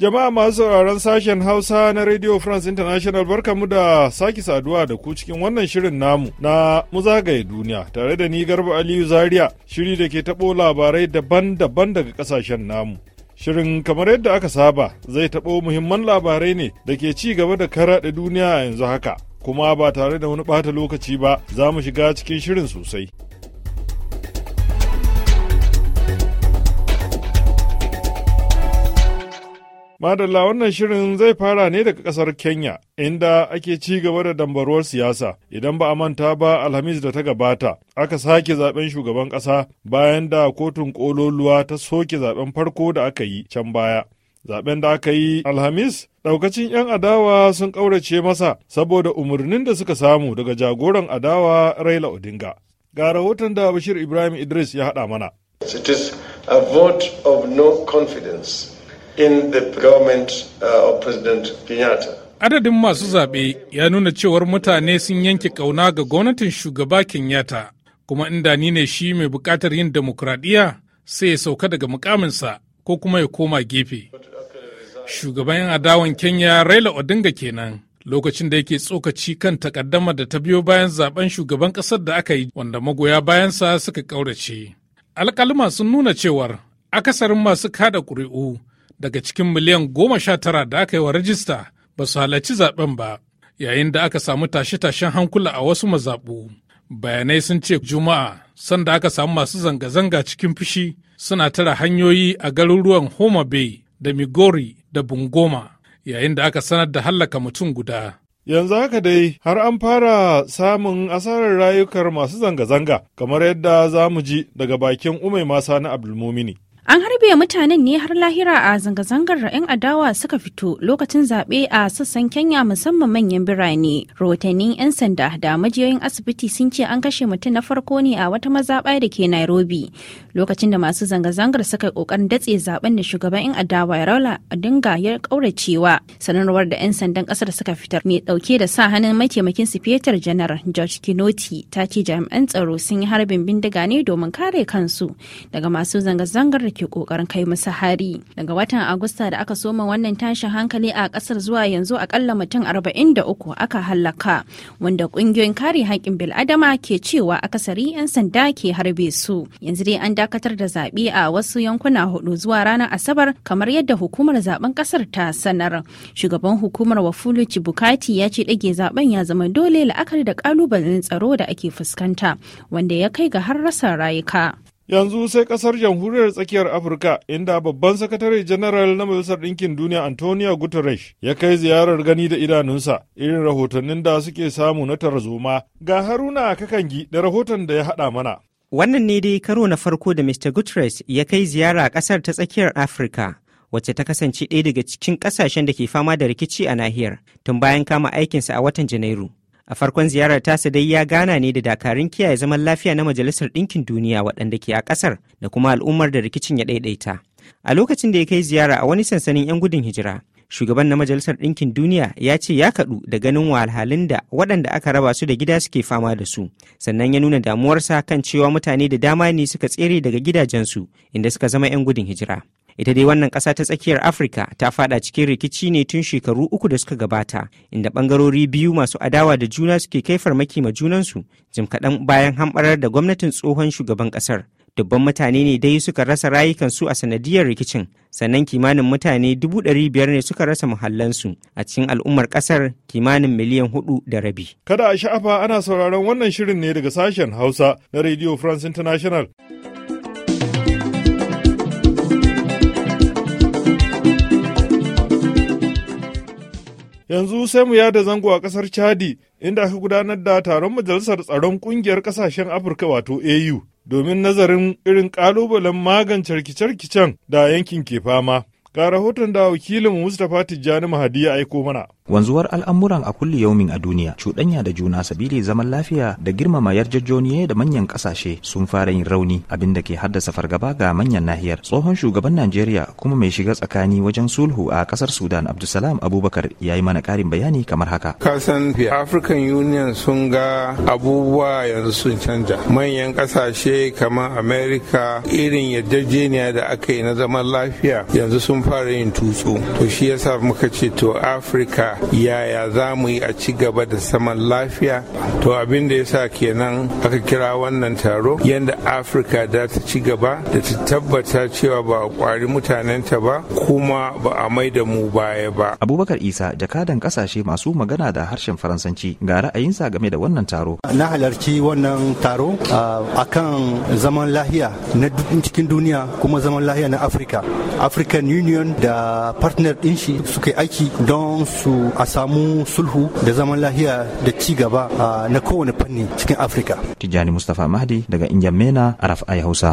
Jama'a masu sauraron sashen Hausa na Radio France International barkamu da sake saduwa da ku cikin wannan shirin namu na mu zagaye duniya tare da ni Garba Aliyu Zaria shiri da ke tabo labarai daban-daban daga kasashen namu. Shirin kamar yadda aka saba zai tabo muhimman labarai ne da ke ci gaba da karaɗe duniya yanzu haka kuma ba tare da wani ɓata lokaci ba za mu shiga cikin shirin sosai. Madalla wannan shirin zai fara ne daga kasar Kenya, inda ake ci gaba da dambaruwar siyasa. Idan ba a manta ba Alhamis da ta gabata, aka sake zaben shugaban ƙasa bayan da kotun ƙololuwa ta soke zaben farko da aka yi can baya. Zaben da aka yi Alhamis, ɗaukacin 'yan adawa sun ƙaurace masa saboda umarnin da suka samu daga jagoran adawa Raila Odinga. Ga rahoton da Bashir Ibrahim Idris ya haɗa mana. It is of no confidence in the government uh, of President Kenyatta. Adadin masu zaɓe ya nuna cewar mutane sun yanke ƙauna ga gwamnatin shugaba Kenyatta, kuma inda ni ne shi mai buƙatar yin demokuraɗiyya sai ya sauka daga mukaminsa ko kuma ya koma gefe. Shugaban 'yan adawan Kenya Raila Odinga kenan. lokacin da yake tsokaci kan takaddama da ta biyo bayan zaben shugaban kasar da aka yi wanda magoya bayansa suka ƙaurace, alƙaluma sun nuna cewar akasarin masu kada ƙuri'u daga cikin miliyan goma sha tara da aka yi wa rajista ba su halarci zaben ba yayin da aka samu tashe-tashen hankula a wasu mazaɓu. Bayanai sun ce Juma'a sanda aka samu masu zanga-zanga cikin fushi suna tara hanyoyi a garuruwan Homa Bay da Migori da Bungoma yayin da aka sanar da hallaka mutum guda. Yanzu haka dai har an fara samun asarar rayukar masu zanga-zanga kamar yadda za mu ji daga bakin Umai Masa na Abdulmumini. An harbe mutanen ne har lahira a zanga-zangar da 'yan adawa suka fito lokacin zaɓe a sassan Kenya musamman manyan birane. Rahotannin 'yan sanda da majiyoyin asibiti sun ce an kashe mutum na farko ne a wata mazaɓa da ke Nairobi. Lokacin da masu zanga-zangar suka yi ƙoƙarin datse zaben da shugaban 'yan adawa ya raula a dinga ya ƙauracewa. Sanarwar da 'yan sandan ƙasar suka fitar mai ɗauke da sa hannun mataimakin su peter janar George Kinoti ta ce jami'an tsaro sun yi harbin bindiga ne domin kare kansu daga masu zanga-zangar ke kokarin kai musu hari daga watan agusta da aka soma wannan tashin hankali a kasar zuwa yanzu akalla mutum arba'in da uku aka hallaka wanda kungiyoyin kare haƙƙin bil'adama ke cewa akasari 'yan sanda ke harbe su yanzu dai an dakatar da zaɓe a wasu yankuna hudu zuwa ranar asabar kamar yadda hukumar zaben kasar ta sanar shugaban hukumar wafulu bukati ya ce ɗage zaben ya zama dole la'akari da ƙalubalen tsaro da ake fuskanta wanda ya kai ga har rasa rayuka yanzu sai kasar jamhuriyar tsakiyar afirka inda babban sakatare janaral na majalisar ɗinkin duniya antonio guterres ya kai ziyarar gani da idanunsa irin rahotannin da suke samu na tarzoma ga haruna kakangi da rahoton da ya haɗa mana wannan ne dai karo na farko da mr guterres ya kai ziyara kasar ta tsakiyar afirka wacce ta kasance ɗaya daga cikin ƙasashen da ke fama da rikici a nahiyar tun bayan kama aikinsa a watan janairu a farkon ziyarar tasa dai ya gana ne da dakarun kiyaye zaman lafiya na majalisar ɗinkin duniya waɗanda ke a ƙasar da kuma al'ummar da rikicin ya ɗaiɗaita a lokacin da ya kai ziyara a wani sansanin 'yan gudun hijira shugaban na majalisar ɗinkin duniya ya ce ya kaɗu da ganin wahalhalun da waɗanda aka raba su da gida suke fama da su sannan ya nuna damuwarsa kan cewa mutane da dama ne suka tsere daga gidajensu inda suka zama 'yan gudun hijira ita dai wannan ƙasa ta tsakiyar afirka ta fada cikin rikici ne tun shekaru uku da suka gabata inda bangarori biyu masu adawa da juna suke kai farmaki ma junansu jim kaɗan bayan hamɓarar da gwamnatin tsohon shugaban ƙasar dubban mutane ne dai suka rasa rayukansu a sanadiyar rikicin sannan kimanin mutane dubu ɗari biyar ne suka rasa muhallansu a cikin al'ummar ƙasar kimanin miliyan hudu da rabi. Kada a sha'afa ana sauraron wannan shirin ne daga sashen Hausa na Radio France International. yanzu sai mu yada zango a kasar chadi inda aka gudanar da taron majalisar tsaron kungiyar kasashen afirka wato au domin nazarin irin kalubalen magance rikice-rikicen da yankin ke fama Ga rahoton da wakilin Mustapha Tijjani Mahadi ya aiko mana. Wanzuwar al'amuran a kulli yaumin a duniya, cuɗanya da juna sabili zaman lafiya da girmama yarjejjoniye da manyan ƙasashe sun fara yin rauni abin da ke haddasa fargaba ga manyan nahiyar. Tsohon shugaban Najeriya kuma mai shiga tsakani wajen sulhu a ƙasar Sudan Abdulsalam Abubakar ya yi mana ƙarin bayani kamar haka. Kasan African Union sun ga abubuwa yanzu sun canja. Manyan ƙasashe kamar Amerika irin yarjejeniya da aka yi na zaman lafiya yanzu sun mun fara yin tutsu to shi yasa muka ce to afirka yaya za mu yi a ci gaba da saman lafiya to abin da yasa kenan aka kira wannan taro yadda afirka da ta ci gaba da ta tabbata cewa ba a kwari mutanen ta ba kuma ba a mai da mu baya ba abubakar isa jakadan kasashe masu magana da harshen faransanci ga ra'ayinsa game da wannan taro na halarci wannan taro a kan zaman lahiya na cikin duniya kuma zaman lahiya na afirka african union union da partner din shi suke yi aiki don su a samu sulhu da zaman lahiya da ci gaba na kowane fanni cikin afirka tijjani mustapha mahdi daga injamena araf ai hausa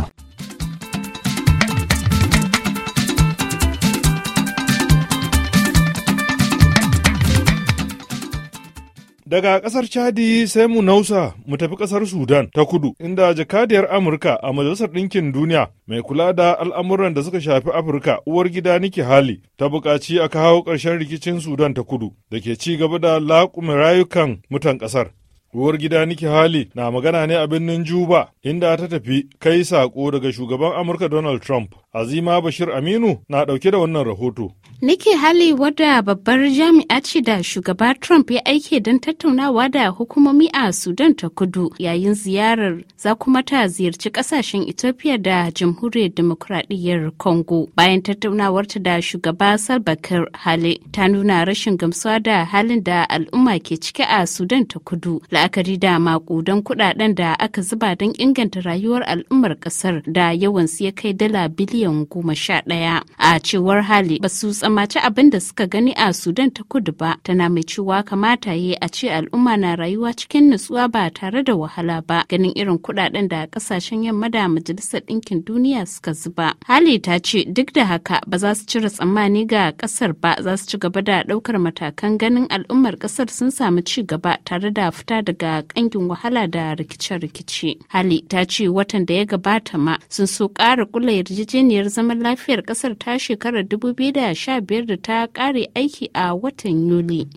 Daga kasar Chadi sai mu nausa mu tafi kasar Sudan ta kudu inda jakadiyar Amurka a Majalisar Ɗinkin Duniya mai kula da al'amuran da suka shafi Afirka uwar gida Niki Hali ta buƙaci a kawo ƙarshen rikicin Sudan ta kudu da ke ci gaba da laƙumin rayukan mutan ƙasar. Uwar gida Niki Hali na magana ne a birnin Juba inda ta tafi kai saƙo daga shugaban Amurka Donald Trump Azima Bashir Aminu na ɗauke da wannan rahoto. Nike Hali wadda babbar jami'a ce da shugaba Trump ya aike don tattaunawa da hukumomi a Sudan ta kudu yayin ziyarar za kuma ta ziyarci kasashen Ethiopia da Jamhuriyar Demokuraɗiyyar Congo. Bayan tattaunawarta da shugaba Salva Kiir Hale ta nuna rashin gamsuwa da halin da al'umma ke ciki a Sudan ta kudu la'akari da makudan kuɗaɗen da aka zuba don inganta rayuwar al'ummar ƙasar da yawan su ya kai dala biliyan miliyan goma sha ɗaya. A cewar hali ba su tsamaci abin da suka gani a Sudan ta kudu ba tana mai cewa kamata yi a ce al'umma na rayuwa cikin nutsuwa ba tare da wahala ba ganin irin kuɗaɗen da ƙasashen yamma da majalisar ɗinkin duniya suka zuba. Hali ta ce duk da haka ba za su cire tsammani ga ƙasar ba za su ci gaba da ɗaukar matakan ganin al'ummar ƙasar sun samu ci gaba tare da fita daga ƙangin wahala da rikice-rikice. Hali ta ce watan da ya gabata ma sun so ƙara kula yarjejeniyar yarjejeniyar zaman lafiyar kasar ta shekarar 2015 da ta kare aiki a watan Yuli.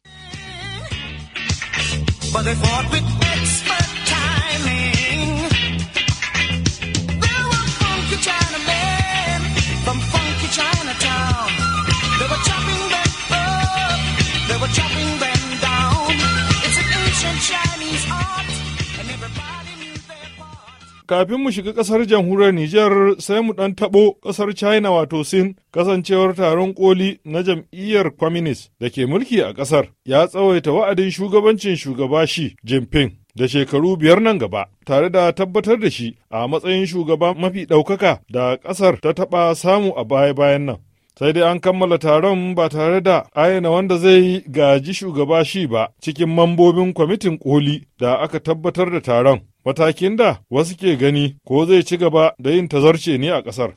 Kafin mu shiga ƙasar jamhuriyar Nijar sai mu ɗan taɓo ƙasar China wato Sin kasancewar taron koli na jam'iyyar Communist da ke mulki a ƙasar ya tsawaita wa'adin shugabancin shugaba shi Jinping da shekaru biyar nan gaba tare da tabbatar da shi a matsayin shugaba mafi ɗaukaka da ƙasar ta taɓa samu a baya-bayan nan. sai dai an kammala taron ba tare da ayyana wanda zai gaji shugaba shi ba cikin mambobin kwamitin koli da aka tabbatar da taron matakin da wasu ke gani ko zai ci gaba da yin tazarce ne a ƙasar.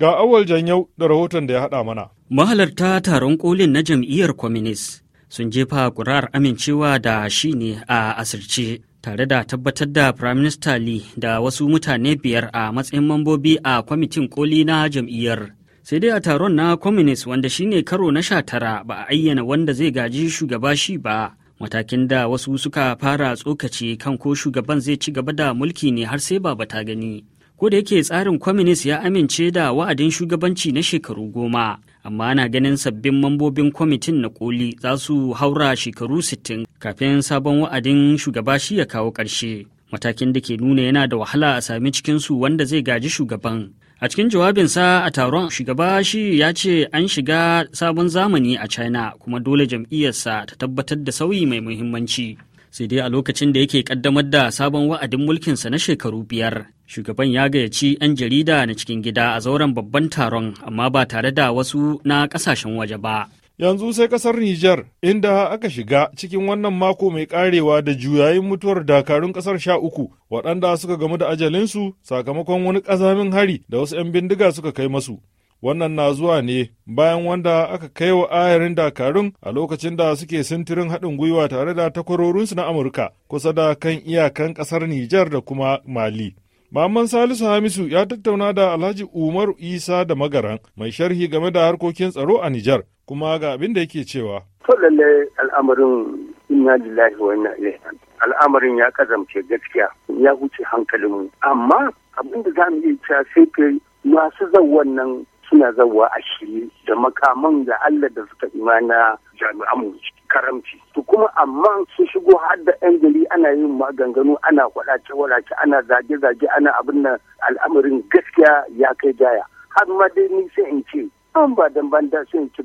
Ga awal janyau da rahoton da ya haɗa mana. Mahalarta taron kolin na jam'iyyar Kwaminis sun jefa ƙurar amincewa da shi ne a asirce tare da tabbatar da Prime Minister da wasu mutane biyar a matsayin mambobi a kwamitin koli na jam'iyyar. Sai dai a taron na kwaminis wanda shi ne karo na sha tara ba a ayyana wanda zai gaji shugaba shi ba. matakin da wasu suka fara tsokaci kan ko shugaban zai ci gaba da mulki ne har sai ba ta gani ko da yake tsarin kwaminis ya amince da wa'adin shugabanci na shekaru goma amma ana ganin sabbin mambobin kwamitin na koli za su haura shekaru sittin kafin sabon wa'adin shugaba shi ya kawo ƙarshe matakin da ke nuna yana da wahala a sami cikinsu wanda zai gaji shugaban A cikin jawabinsa a taron shugaba shi ya ce an shiga sabon zamani a China kuma dole jam'iyyarsa ta tabbatar da sauyi mai muhimmanci. Sai dai a lokacin da yake kaddamar da sabon wa'adin mulkinsa na shekaru biyar. Shugaban ya gayyaci 'yan jarida na cikin gida a zauren babban taron amma ba tare da wasu na ƙasashen waje ba. Yanzu sai kasar Nijar, inda aka shiga cikin wannan mako mai karewa da juyayin mutuwar dakarun kasar sha uku waɗanda suka gamu da ajalinsu sakamakon wani ƙazamin hari da wasu 'yan bindiga suka kai masu. Wannan na zuwa ne bayan wanda aka kai wa ayarin dakarun a lokacin da suke sintirin haɗin gwiwa tare da takwarorinsu na Amurka kusa da kan iyakan ƙasar Nijar da kuma Mali. Maman Salisu Hamisu ya tattauna da Alhaji Umaru Isa da Magaran mai sharhi game da harkokin tsaro a Nijar kuma ga abin da yake cewa. To lallai al'amarin inna lillahi wa inna ilaihi al'amarin ya kazamce gaskiya ya wuce hankalin mu. amma abin da za mu iya cewa sai masu zan wannan suna zawa a shirye da makaman da Allah da suka imana jami'an mu karamci to kuma amma sun shigo har da yan gari ana yin maganganu ana kwadace wadace ana zage zage ana abin nan al'amarin gaskiya ya kai jaya har ma dai ni sai in ce an ba dan banda sai in ce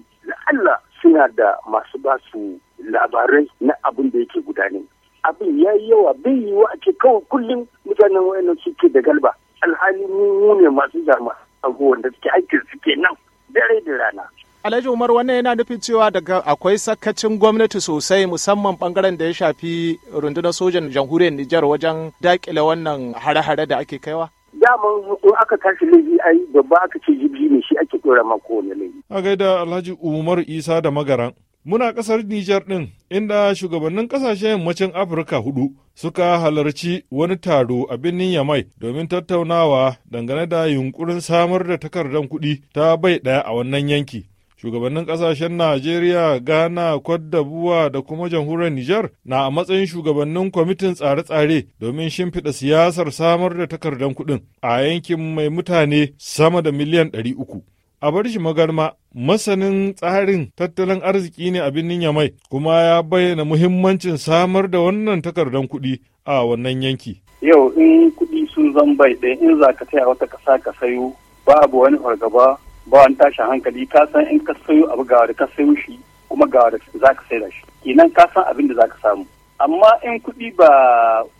Allah suna da masu ba su labarai na abin da yake gudane abin ya yi yawa bai yiwu a ce kawai kullum mutanen wayannan suke da galba alhali mu ne masu jama'a tsaro wanda suke aikin suke nan dare da rana. Alhaji Umar wannan yana nufin cewa daga akwai sakacin gwamnati sosai musamman bangaren da ya shafi rundunar sojan jamhuriyar Nijar wajen dakile wannan hare-hare da ake kaiwa? Daman in aka tashi laifi ai babba aka ce jibi ne shi ake dora mako wani laifi. A gaida Alhaji Umar Isa da Magaran. Muna ƙasar Nijar ɗin, inda shugabannin ƙasashen yammacin Afirka hudu suka halarci wani taro a birnin Yamai domin tattaunawa dangane da yunkurin samar da takardar kuɗi ta bai ɗaya a wannan yanki. Shugabannin ƙasashen Najeriya, Ghana, Kwaddabuwa da kuma jamhuriyar Nijar na a matsayin shugabannin kwamitin tsare-tsare domin shimfiɗa siyasar samar da takardar kuɗin a yankin mai mutane sama da miliyan ɗari uku. a bar shi magarma masanin tsarin tattalin arziki ne a birnin yamai kuma ya bayyana muhimmancin samar da wannan takardar kuɗi a wannan yanki. Yau in kuɗi sun zan bai ɗaya in za ka taya wata kasa ka sayo babu wani fargaba ba wani tashin hankali ka san in ka sayo abu ga da ka sayo shi kuma ga za ka sayar shi kenan ka san abin da za ka samu amma in kuɗi ba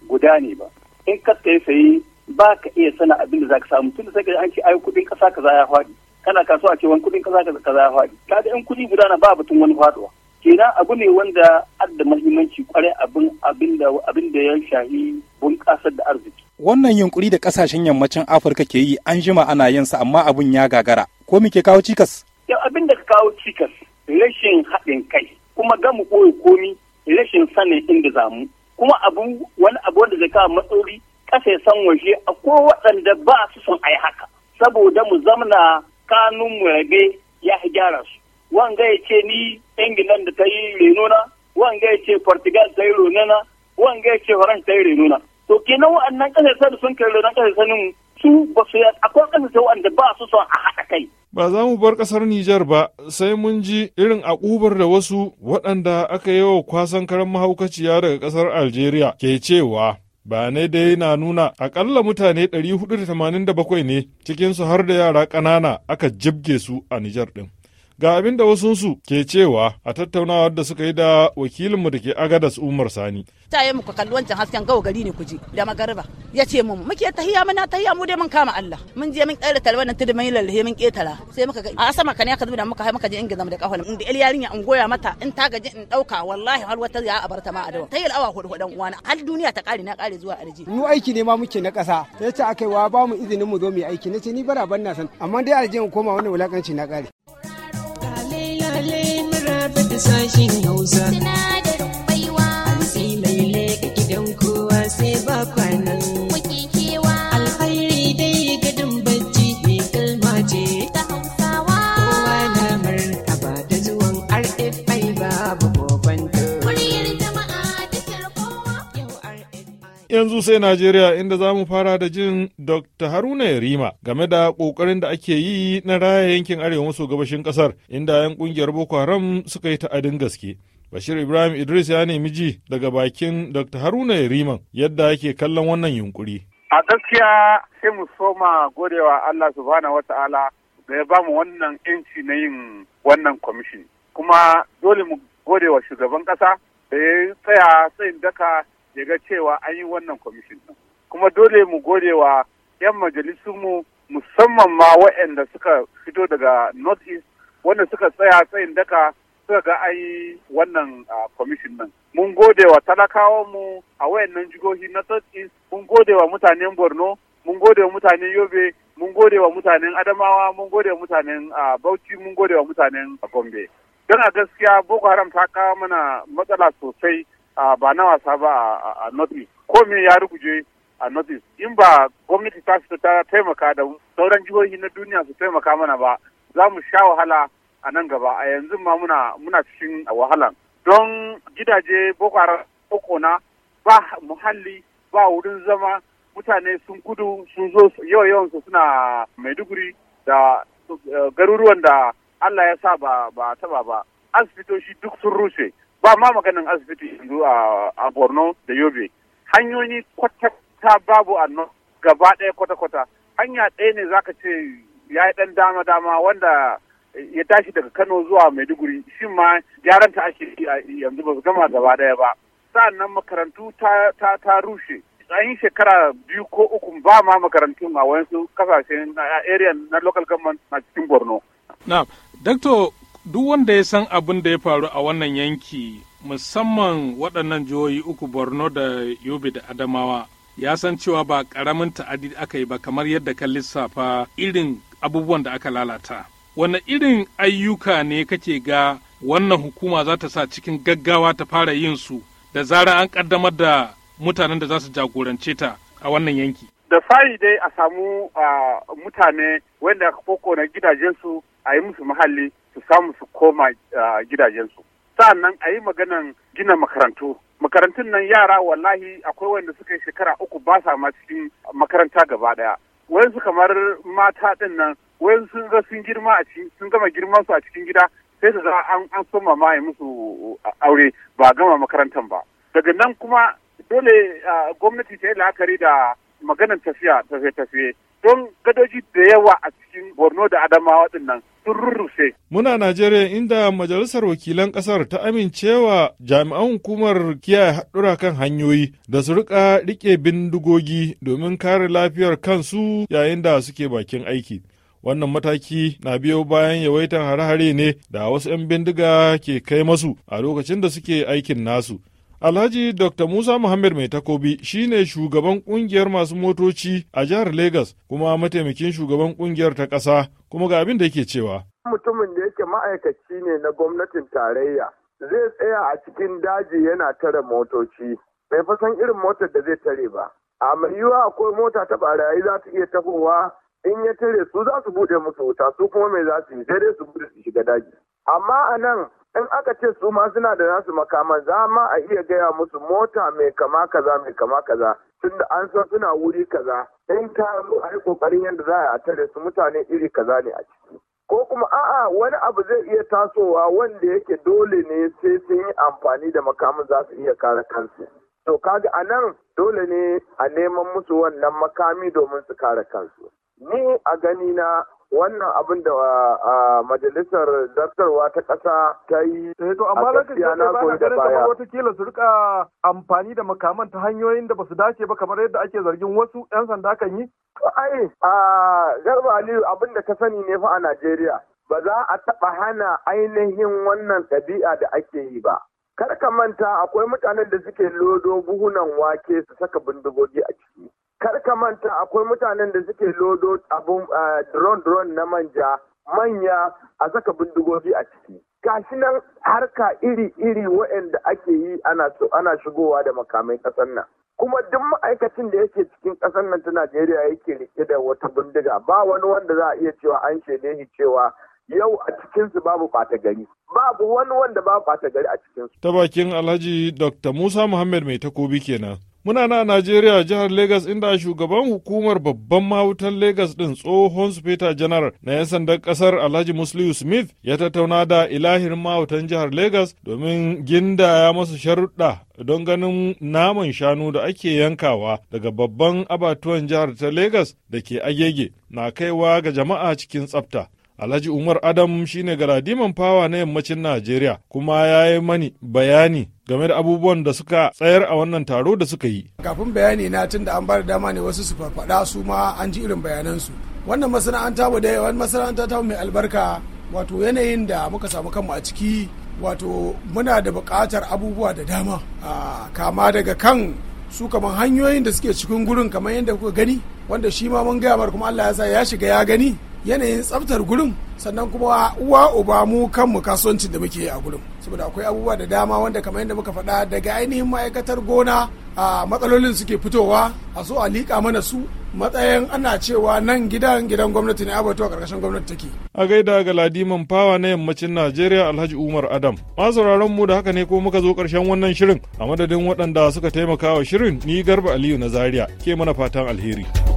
guda ne ba in ka tsaye saye ba ka iya sana abin da za ka samu tun da sai an ce ai kuɗin ƙasa kaza ya faɗi kana kasuwa ce wani kuɗin kaza kaza ya faɗi kaga in kudi guda na ba batun wani faɗuwa kenan abu ne wanda adda mahimmanci kware abin abinda da ya shahi bunƙasar da arziki wannan yunkuri da kasashen yammacin afirka ke yi an jima ana yin sa amma abun ya gagara ko me ke kawo cikas yau abin da ka kawo cikas rashin haɗin kai kuma ga mu koyi komi rashin sanin inda za mu kuma abu wani abu wanda zai kawo matsaloli kasa ya san waje a ko waɗanda ba su son a yi haka saboda mu zamna kanun mu ya gyara su wanga ya ce ni ingilan da ta yi renona wanga ya ce portugal ta yi renona wanga ya ce faransa ta yi renona to kenan wa'annan ƙasashen da sun kai renon ƙasashen su ba su akwai ƙasashe wanda ba su son a haɗa kai ba za mu bar ƙasar Nijar ba sai mun ji irin akubar da wasu waɗanda aka yi wa kwasan karan mahaukaciya daga ƙasar Algeria ke cewa bayanai dai na nuna akalla mutane 487 ne cikinsu har da yara ƙanana aka jibge su a Nijar ɗin. Ga abin da wasunsu ke cewa a tattaunawar da suka yi da wakilinmu da ke Agadas Umar Sani. Ta yi muku kalli wancan hasken gawo gari ne ku je da magariba. Ya ce mu muke tahiya muna tahiya mu dai mun kama Allah. Mun je mun ƙaira talwa nan tudu mun lalle mun ketara Sai muka ga a sama ka ne aka zuba muka hai muka je in gaza da kafa Inda el yarinya in goya mata in ta gaji in ɗauka wallahi har wata ya abarta ma a dawa. Ta awa hudu hudan wani har duniya ta ƙare na ƙare zuwa arji. Mu aiki ne ma muke na kasa Sai ce akai wa ba mu izinin mu zo mu yi aiki. nace ni bara ban na san amma dai arji koma wani wulakanci na kare da sashin Hausa. Yanzu sai Najeriya inda za mu fara da jin Dr. Haruna Yarima game da ƙoƙarin da ake yi na raya yankin arewa maso gabashin ƙasar inda 'yan ƙungiyar Boko Haram suka yi ta'adin gaske. Bashir Ibrahim Idris ya nemi ji daga bakin Dr. Haruna yarima yadda ake kallon wannan yunkuri. A gaskiya sai mu soma godewa Allah subhanahu wata'ala da ya bamu wannan yanci na yin wannan kwamishin. Kuma dole mu godewa shugaban ƙasa da ya tsaya tsayin daka ya ga cewa an yi wannan kwamishin ɗin kuma dole mu gode wa 'yan majalisunmu musamman ma waɗanda suka fito daga north east wanda suka tsaya tsayin daka suka ga an yi wannan kwamishin ɗin Mun gode wa talakawanmu a wayannan jihohi na north East, mun gode wa mutanen Borno, mun gode wa mutanen Yobe, mun gode wa mutanen Adamawa, mun gode wa mutanen Bauchi, mun gode wa mutanen Gombe. Don a gaskiya Boko Haram ta kawo mana matsala sosai Ah, ba na wasa ba a northeast komai ya ruguje a northeast in ba gwamnati ta fita ta taimaka da sauran jihohi na duniya su taimaka mana ba za mu sha wahala a nan gaba a yanzu ma muna muna cikin wahalan don gidaje boko haram na ba muhalli ba wurin zama mutane sun gudu sun zo yau yawan su suna maiduguri da eh, garuruwan da allah ya sa ba taba ba asibitoshi duk sun rushe ba ma maganin asibiti yanzu a borno da yobe hanyoyi kwata babu a gaba ɗaya kwata-kwata hanya ɗaya ne zaka ce ya yi ɗan dama-dama wanda ya tashi daga kano zuwa maiduguri shi ma gyaran ta ake yanzu ba su gama gaba daya ba nan makarantu ta rushe tsayin shekara biyu ko uku ba ma makarantun a wasu kasashen area na local government na cikin borno Na'am, duk wanda ya san abin da ya faru a wannan yanki musamman waɗannan jihohi uku borno da yobe da adamawa ya san cewa ba ƙaramin ta'adi aka yi ba kamar yadda ka lissafa irin abubuwan da aka lalata wani irin ayyuka ne kake ga wannan hukuma za ta sa cikin gaggawa ta fara yin su da zarar an ƙaddamar da mutanen da za su jagorance ta a wannan yanki da fari dai a samu ah, mutane wanda koko na gidajensu a yi musu muhalli su samu su koma gidajensu sa'annan a yi maganan gina makarantu makarantun nan yara wallahi akwai wanda suka yi shekara uku ba sa ma cikin makaranta gaba daya wayansu kamar mata din nan wayansu sun ga sun girma a cikin sun gama girman su a cikin gida sai su zama an an so mamaye musu aure ba gama makarantan ba daga nan kuma dole gwamnati ta yi la'akari da maganan tafiya tafiye-tafiye don gadoji da yawa a cikin borno da adamawa dinnan sun rurrufe. Muna Najeriya inda Majalisar Wakilan Kasar ta amincewa jami'an hukumar kiyaye haɗura kan hanyoyi da su rika riƙe bindigogi domin kare lafiyar kansu yayin da suke bakin aiki. Wannan mataki na biyo bayan yawaitar hare-hare ne da wasu 'yan bindiga ke kai masu a lokacin da suke aikin nasu. Alhaji Dr. Musa Muhammad Mai Takobi shi ne shugaban kungiyar masu motoci a jihar Legas kuma mataimakin shugaban kungiyar ta ƙasa kuma ga abin da yake cewa. Mutumin da yake ma'aikaci ne na gwamnatin tarayya zai tsaya a cikin daji yana tare motoci bai fasan irin motar da zai tare ba. A mai yiwuwa akwai mota ta barayi za ta iya tafowa in ya tare su za su buɗe musu wuta su kuma mai za su yi Sai dai su buɗe su shiga daji. Amma a nan in aka ce su ma suna da nasu makaman za ma a iya gaya musu mota mai kama kaza mai kama kaza tunda an san suna wuri kaza in ta zo a yi kokarin yadda za a tare su mutane iri kaza ne a ciki ko kuma a'a wani abu zai iya tasowa wanda yake dole ne sai sun yi amfani da makaman za su iya kare kansu to kaga a nan dole ne a neman musu wannan makami domin su kare kansu ni a gani na wannan abin da majalisar zartarwa ta ƙasa ta yi eh, to amma na goyi da baya wata su rika amfani da makaman ta hanyoyin da basu dace ba kamar yadda ake zargin wasu 'yan sanda kan yi ai garba aliyu abin da ka sani ne fa a najeriya ba za a taɓa hana ainihin wannan ɗabi'a da ake yi ba Kar ka manta akwai mutanen da suke lodo buhunan wake su saka bindigogi a ciki. Kar ka manta akwai mutanen da suke lodo abun drone-drone eh, na manja manya a saka bindigogi a ciki. Gashi nan harka iri-iri waɗanda ake yi ana shigowa da makamai ƙasar nan. kuma duk ma'aikacin da yake cikin ƙasar nan ta Najeriya yake rike da wata bindiga ba wani wanda za a iya cewa an shaide shi cewa yau a cikinsu babu fata gari babu wani wanda babu fata gari a cikinsu. ta bakin alhaji dr musa muhammad mai takobi kenan muna na najeriya jihar Legas, inda shugaban hukumar babban mahautan Legas din tsohon sufeta janar na 'yan sandan kasar alhaji musliu smith ya tattauna da ilahirin mahautan jihar Legas, domin gindaya masu sharuɗa don ganin naman shanu da ake yankawa daga babban abatuwan jihar ta lagos da ke agege na kaiwa ga jama'a cikin tsafta Alhaji Umar Adam shine garadiman fawa na yammacin Najeriya kuma ya yi mani bayani game da abubuwan da suka tsayar a wannan taro da suka yi. Kafin bayani na tun da an ba dama ne wasu su farfada su ma an ji irin bayanansu. Wannan masana'anta mu da wani masana'anta ta mai albarka wato yanayin da muka samu kanmu a ciki wato muna da buƙatar abubuwa da dama kama daga kan su kamar hanyoyin da suke cikin gurin kamar yadda kuka gani wanda shi ma mun gaya kuma Allah ya sa ya shiga ya gani yanayin tsaftar gurin sannan kuma uwa uba mu kanmu kasuwancin da muke yi a gurin saboda akwai abubuwa da dama wanda kamar yadda muka faɗa daga ainihin ma'aikatar gona a matsalolin suke fitowa a so a liƙa mana su matsayin ana cewa nan gidan gidan gwamnati ne abato a ƙarƙashin gwamnati take. A gaida ga Ladiman Fawa na yammacin Najeriya Alhaji Umar Adam. sauraron mu da haka ne ko muka zo karshen wannan shirin a madadin waɗanda suka taimaka wa shirin ni Garba Aliyu na Zaria ke mana fatan alheri.